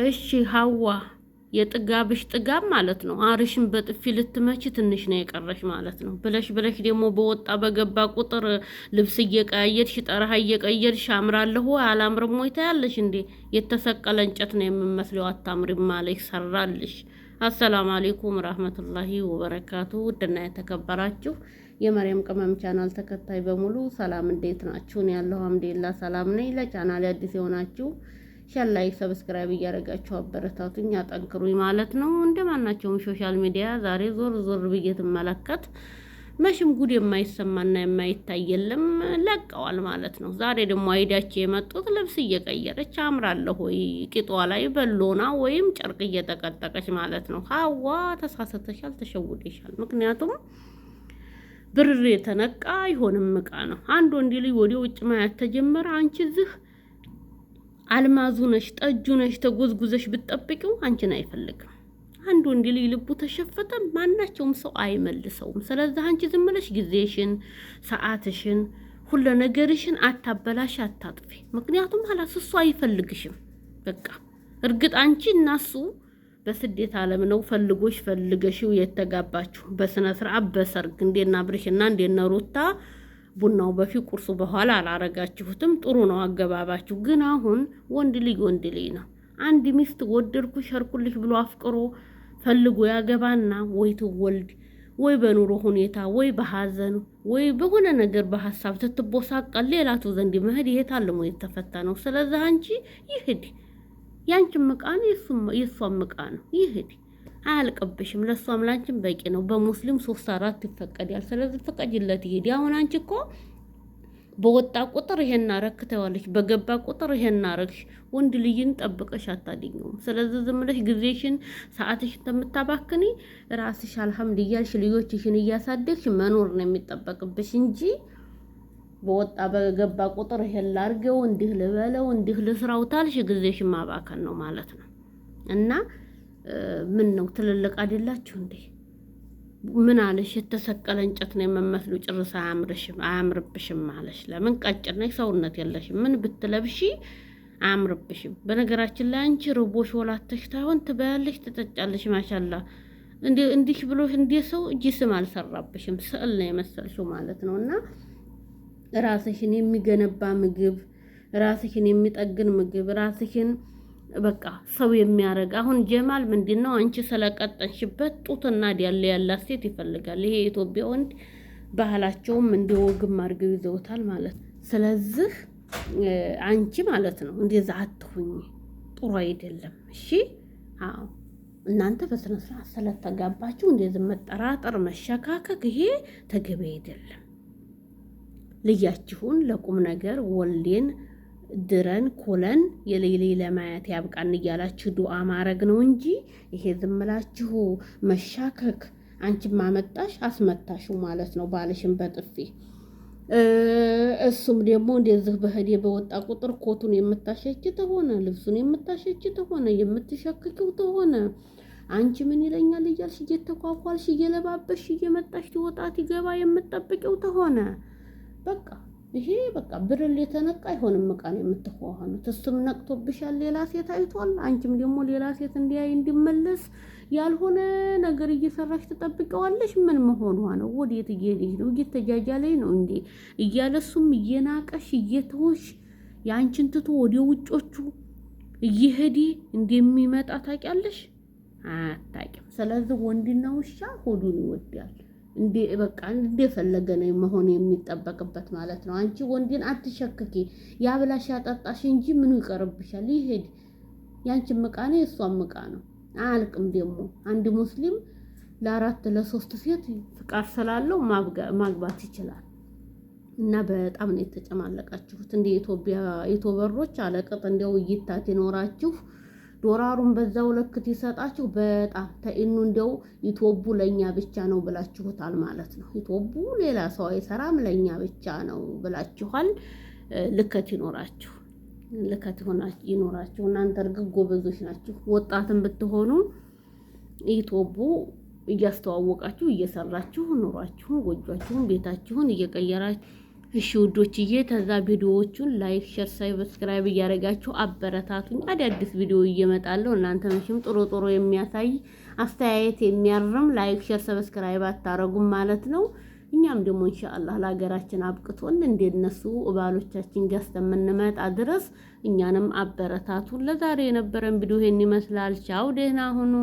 እሺ ሀዋ የጥጋብሽ ጥጋብ ማለት ነው። አርሽን በጥፊ ልትመች ትንሽ ነው የቀረሽ ማለት ነው። ብለሽ ብለሽ ደግሞ በወጣ በገባ ቁጥር ልብስ እየቀያየድሽ ጠረሃ እየቀየድሽ አምራለሁ አላምርም ወይ ታያለሽ እንዴ! የተሰቀለ እንጨት ነው የምመስለው። አታምሪም ማለሽ ሰራልሽ። አሰላሙ አሌይኩም ረህመቱላሂ ወበረካቱ። ውድና የተከበራችሁ የመሪያም ቅመም ቻናል ተከታይ በሙሉ ሰላም፣ እንዴት ናችሁን? ያለሁ አምዴላ ሰላም ነኝ። ለቻናል አዲስ የሆናችሁ ሸር ላይክ ሰብስክራይብ እያደረጋችሁ አበረታቱኝ፣ አጠንክሩኝ ማለት ነው። እንደማናቸውም ሶሻል ሚዲያ ዛሬ ዞር ዞር ብዬ ትመለከት መሽም ጉድ የማይሰማና የማይታይ የለም ለቀዋል ማለት ነው። ዛሬ ደግሞ አይዳች የመጡት ልብስ እየቀየረች አምራለሁ ወይ ቂጧ ላይ በሎና ወይም ጨርቅ እየጠቀጠቀች ማለት ነው። ሀዋ ተሳሰተሻል፣ ተሸውደሻል። ምክንያቱም ብር የተነቃ አይሆንም እቃ ነው። አንድ ወንድ ልጅ ወደ ውጭ ማያት ተጀመረ። አንቺ ዝህ አልማዙ ነሽ፣ ጠጁ ነሽ፣ ተጎዝጉዘሽ ብትጠብቂው አንቺን አይፈልግም። አንድ ወንድ ልጅ ልቡ ተሸፈተ፣ ማናቸውም ሰው አይመልሰውም። ስለዚህ አንቺ ዝም ብለሽ ጊዜሽን፣ ሰዓትሽን፣ ሁሉ ነገርሽን አታበላሽ፣ አታጥፊ። ምክንያቱም ኋላስ እሱ አይፈልግሽም። በቃ እርግጥ አንቺ እናሱ በስደት ዓለም ነው ፈልጎሽ ፈልገሽው የተጋባችሁ በስነ ስርዓት በሰርግ እንደና ብርሽና እንደና ሩታ ቡናው በፊት ቁርሱ በኋላ አላረጋችሁትም። ጥሩ ነው አገባባችሁ። ግን አሁን ወንድ ልጅ ወንድ ልጅ ነው። አንድ ሚስት ወደድኩ ሸርኩልሽ ብሎ አፍቅሮ ፈልጎ ያገባና ወይ ትወልድ ወይ በኑሮ ሁኔታ ወይ በሐዘን ወይ በሆነ ነገር በሀሳብ ትትቦሳቀል ሌላቱ ዘንድ መሄድ ይሄ ታልሞ የተፈታ ነው። ስለዚህ አንቺ ይሂድ፣ ያንቺም ዕቃ ነው የእሷም ዕቃ ነው። ይሂድ አያልቅብሽም። ለእሷም ላንቺም በቂ ነው። በሙስሊም ሶስት አራት ይፈቀዳል። ስለዚህ ፍቀጅለት ይሄድ። አሁን አንቺ እኮ በወጣ ቁጥር ይሄን አረክ ትዋለሽ፣ በገባ ቁጥር ይሄን አረክሽ። ወንድ ልጅን ጠብቀሽ አታገኘውም። ስለዚህ ዝም ብለሽ ጊዜሽን ሰዓትሽ ተምታባክኒ ራስሽ አልሐምድ እያልሽ ልጆችሽን እያሳደግሽ መኖር ነው የሚጠበቅብሽ እንጂ በወጣ በገባ ቁጥር ይሄን ላርገው እንዲህ ልበለው እንዲህ ታልሽ ጊዜሽን ማባከን ነው ማለት ነው እና ምን ነው ትልልቅ አይደላችሁ እንዴ? ምን አለሽ? የተሰቀለ እንጨት ነው የምመስሉ ጭርስ አያምርሽም አያምርብሽም አለሽ። ለምን ቀጭን ነሽ? ሰውነት የለሽም። ምን ብትለብሺ አያምርብሽም። በነገራችን ላይ አንቺ ርቦሽ ወላተሽ ታሆን ትበያለሽ፣ ትጠጫለሽ። ማሻላ እንዲህ ብሎሽ እንደ ሰው ጅስም አልሰራብሽም። ስዕል ነው የመሰልሽው ማለት ነው። እና ራስሽን የሚገነባ ምግብ ራስሽን የሚጠግን ምግብ ራስሽን በቃ ሰው የሚያደርግ አሁን ጀማል ምንድን ነው አንቺ ስለቀጠንሽበት ጡትና ዲያለ ያላት ሴት ይፈልጋል። ይሄ የኢትዮጵያ ወንድ ባህላቸውም እንደ ወግም አድርገው ይዘውታል ማለት ነው። ስለዚህ አንቺ ማለት ነው እንደዛ አትሁኝ፣ ጥሩ አይደለም። እሺ አዎ፣ እናንተ በስነ ስርዓት ስለተጋባችሁ እንደዚህ መጠራጠር፣ መሸካከክ ይሄ ተገቢ አይደለም። ልጃችሁን ለቁም ነገር ወሌን ድረን ኮለን የሌሌ ለማየት ያብቃን እያላችሁ ዱዓ ማድረግ ነው እንጂ ይሄ ዝምላችሁ መሻከክ፣ አንቺ ማመጣሽ አስመታሽው ማለት ነው ባልሽን በጥፊ እሱም ደግሞ እንደዚህ በህዴ በወጣ ቁጥር ኮቱን የምታሸች ተሆነ ልብሱን የምታሸች ተሆነ የምትሸክኪው ተሆነ አንቺ ምን ይለኛል እያልሽ እየተኳኳልሽ እየለባበሽ እየመጣሽ ወጣት ይገባ የምትጠብቂው ተሆነ በቃ ይሄ በቃ ብርል የተነቃ አይሆንም እቃ ነው የምትሆኑት። እሱም ነቅቶብሻል፣ ሌላ ሴት አይቷል። አንቺም ደግሞ ሌላ ሴት እንዲያይ እንዲመለስ ያልሆነ ነገር እየሰራሽ ትጠብቀዋለሽ። ምን መሆኗ ነው? ወዴት እየሄድሽ ነው? እየተጃጃለኝ ነው እንዴ? እያለሱም እየናቀሽ እየተወሽ የአንቺን ትቶ ወደ ውጮቹ እየሄዴ እንደሚመጣ ታውቂያለሽ? አታውቂም። ስለዚህ ወንድና ውሻ ሆዱን ይወዳል። እንዴ በቃ እንደፈለገ ነው መሆን የሚጠበቅበት ማለት ነው። አንቺ ወንድን አትሸክኪ። ያብላሽ ያጠጣሽ እንጂ ምኑ ይቀርብሻል? ይሄድ ያንቺ ምቃ ነው የእሷም ምቃ ነው። አልቅም ደግሞ አንድ ሙስሊም ለአራት ለሶስት ሴት ፍቃድ ስላለው ማግባት ይችላል። እና በጣም ነው የተጨማለቃችሁት እንደ ኢትዮጵያ ኢትዮበሮች አለቅጥ እንደው እይታት ይኖራችሁ። ዶራሩን በዛው ለክት ይሰጣችሁ። በጣም ተኢኑ እንደው ይቶቡ ለኛ ብቻ ነው ብላችሁታል ማለት ነው። ይቶቡ ሌላ ሰው አይሰራም ለኛ ብቻ ነው ብላችኋል። ልከት ይኖራችሁ፣ ልከት ይኖራችሁ። እናንተ እርግጥ ጎበዞች ናችሁ። ወጣትም ብትሆኑ ይቶቡ እያስተዋወቃችሁ እየሰራችሁ ኑሯችሁን፣ ጎጇችሁን፣ ቤታችሁን እየቀየራችሁ እሺ ውዶችዬ፣ ተዛ ቪዲዮዎቹን ላይክ፣ ሼር፣ ሳብስክራይብ እያደረጋችሁ አበረታቱኝ። አዳዲስ ቪዲዮ እየመጣለሁ። እናንተ መቼም ጥሩ ጥሩ የሚያሳይ አስተያየት የሚያርም ላይክ፣ ሼር፣ ሰብስክራይብ አታረጉም ማለት ነው። እኛም ደግሞ ኢንሻአላህ ለሀገራችን አብቅቶን እንደነሱ ባሎቻችን ጋር እስከምንመጣ ድረስ እኛንም አበረታቱ። ለዛሬ የነበረን ቪዲዮ ይሄን ይመስላል። ቻው፣ ደህና ሁኑ።